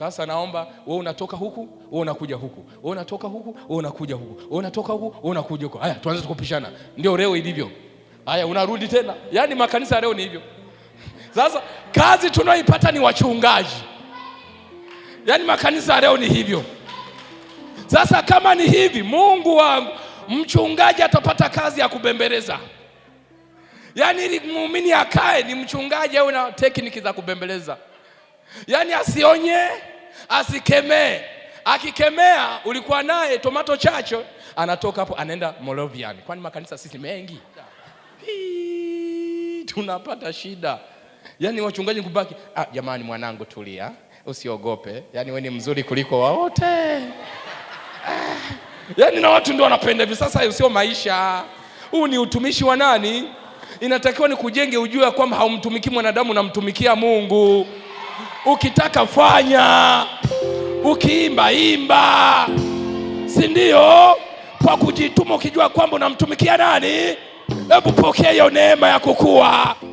Sasa naomba wewe unatoka huku, wewe unakuja huku, wewe unatoka huku, wewe unakuja huku, wewe unatoka huku, wewe unakuja huko. Haya, tuanze tukupishana. Ndio leo ilivyo. Haya, unarudi tena. Yaani makanisa leo ni hivyo. Sasa kazi tunaoipata ni wachungaji. Yaani makanisa leo ni hivyo. Sasa kama ni hivi, Mungu wangu, mchungaji atapata kazi ya kubembeleza. Yaani ili muumini akae ni mchungaji au na tekniki za kubembeleza yaani asionye, asikemee. Akikemea ulikuwa naye tomato chacho, anatoka hapo anaenda Moravian. Kwani makanisa sisi mengi tunapata shida yaani wachungaji kubaki, ah, jamani, mwanangu tulia, usiogope, yaani wewe ni mzuri kuliko wawote yani ah, yaani na watu ndio wanapenda hivi. Sasa sio maisha, huu ni utumishi wa nani? Inatakiwa ni kujenge, ujue kwamba haumtumiki mwanadamu, unamtumikia Mungu ukitaka fanya, ukiimba imba, si ndio? Kwa kujituma, ukijua kwamba unamtumikia nani. Hebu pokea hiyo neema ya kukua.